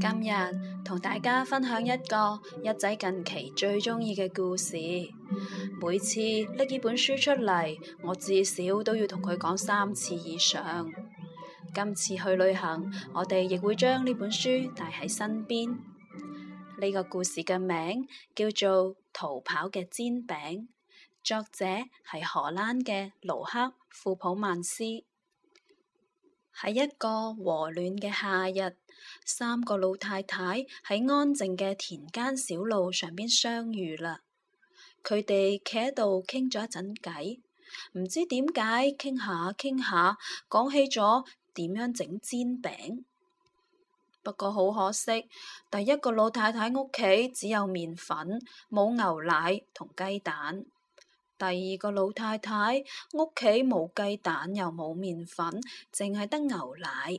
今日同大家分享一個一仔近期最鍾意嘅故事。每次拎呢本書出嚟，我至少都要同佢講三次以上。今次去旅行，我哋亦會將呢本書帶喺身邊。呢個故事嘅名叫做《逃跑嘅煎餅》，作者係荷蘭嘅盧克·庫普曼斯。喺一個和暖嘅夏日，三個老太太喺安靜嘅田間小路上邊相遇啦。佢哋企喺度傾咗一陣偈，唔知點解傾下傾下，講起咗點樣整煎餅。不過好可惜，第一個老太太屋企只有麵粉，冇牛奶同雞蛋。第二個老太太屋企冇雞蛋又冇麵粉，淨係得牛奶。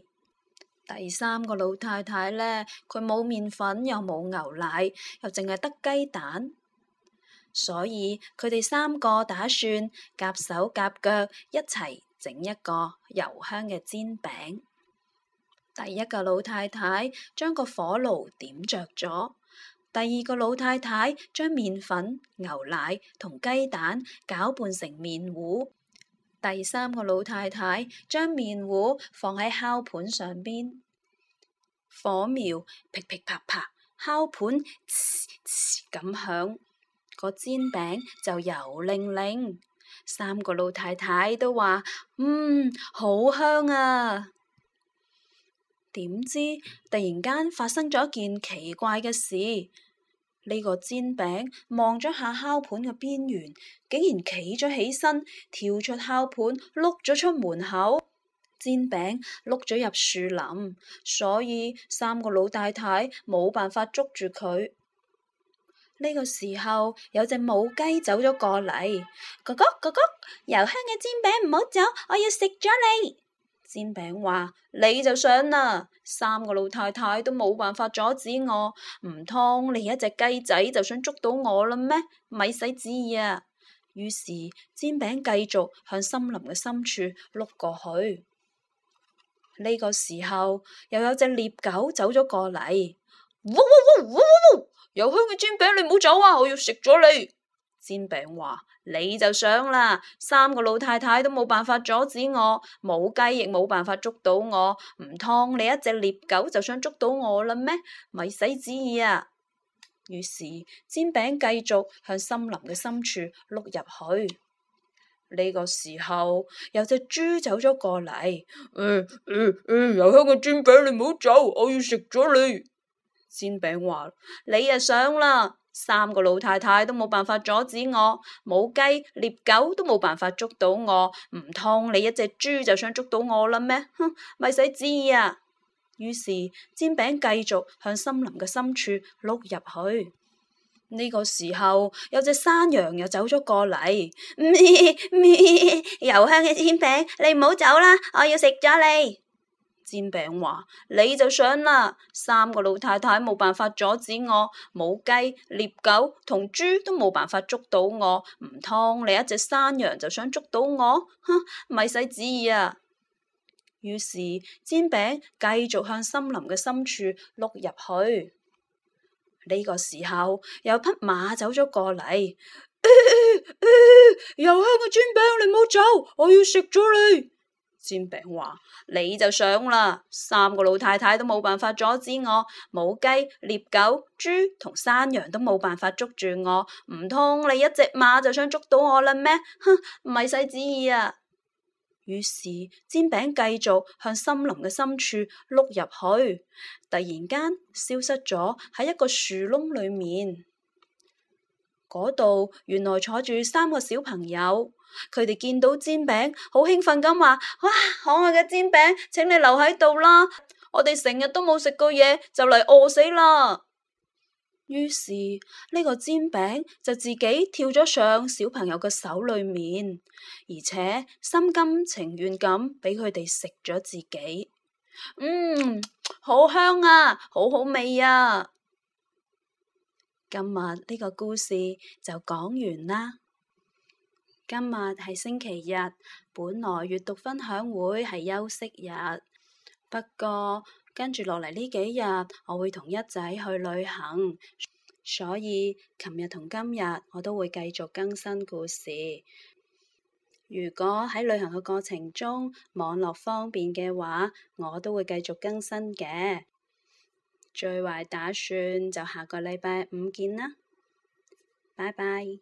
第三個老太太呢，佢冇麵粉又冇牛奶，又淨係得雞蛋。所以佢哋三個打算夾手夾腳一齊整一個油香嘅煎餅。第一個老太太將個火爐點着咗。第二個老太太將麵粉、牛奶同雞蛋攪拌成麵糊，第三個老太太將麵糊放喺烤盤上邊，火苗噼噼啪啪，烤盤咁響，個煎餅就油靈靈。三個老太太都話：嗯，好香啊！點知突然間發生咗一件奇怪嘅事。呢個煎餅望咗下烤盤嘅邊緣，竟然企咗起身，跳出烤盤，碌咗出門口。煎餅碌咗入樹林，所以三個老太太冇辦法捉住佢。呢個時候有隻母雞走咗過嚟，哥哥哥哥，油香嘅煎餅唔好走，我要食咗你！煎餅話：你就想啦，三個老太太都冇辦法阻止我，唔通你一隻雞仔就想捉到我啦咩？咪使旨意啊！於是煎餅繼續向森林嘅深處碌過去。呢、這個時候又有隻獵狗走咗過嚟，汪汪汪汪汪汪！油香嘅煎餅，你唔好走啊！我要食咗你。煎餅話：你就想啦，三個老太太都冇辦法阻止我，冇雞亦冇辦法捉到我，唔通你一隻獵狗就想捉到我啦咩？咪使旨意啊！於是煎餅繼續向森林嘅深處碌入去。呢、這個時候有隻豬走咗過嚟、嗯，嗯嗯嗯，油香嘅煎餅你唔好走，我要食咗你。煎餅話：你啊想啦。三個老太太都冇辦法阻止我，母雞、獵狗都冇辦法捉到我，唔通你一隻豬就想捉到我啦咩？哼，咪使旨意啊！於是煎餅繼續向森林嘅深處碌入去。呢個時候有隻山羊又走咗過嚟，咩咩，油香嘅煎餅，你唔好走啦，我要食咗你。煎餅話：你就想啦，三個老太太冇辦法阻止我，母雞、獵狗同豬都冇辦法捉到我，唔通你一隻山羊就想捉到我？哼，咪使旨意啊！於是煎餅繼續向森林嘅深處碌入去。呢、這個時候，有匹馬走咗過嚟，又、呃呃呃呃呃、香嘅煎餅，你唔好走，我要食咗你。煎餅話：你就想啦，三個老太太都冇辦法阻止我，母雞、獵狗、豬同山羊都冇辦法捉住我，唔通你一隻馬就想捉到我啦咩？哼，咪使旨意啊！於是煎餅繼續向森林嘅深處碌入去，突然間消失咗喺一個樹窿裏面。嗰度原來坐住三個小朋友，佢哋見到煎餅，好興奮咁話：「哇，可愛嘅煎餅，請你留喺度啦！我哋成日都冇食過嘢，就嚟餓死啦！於是呢個煎餅就自己跳咗上小朋友嘅手裏面，而且心甘情願咁俾佢哋食咗自己。嗯，好香啊，好好味啊！今日呢個故事就講完啦。今日係星期日，本來閱讀分享會係休息日，不過跟住落嚟呢幾日我會同一仔去旅行，所以琴日同今日我都會繼續更新故事。如果喺旅行嘅過程中網絡方便嘅話，我都會繼續更新嘅。最壞打算就下個禮拜五見啦，拜拜。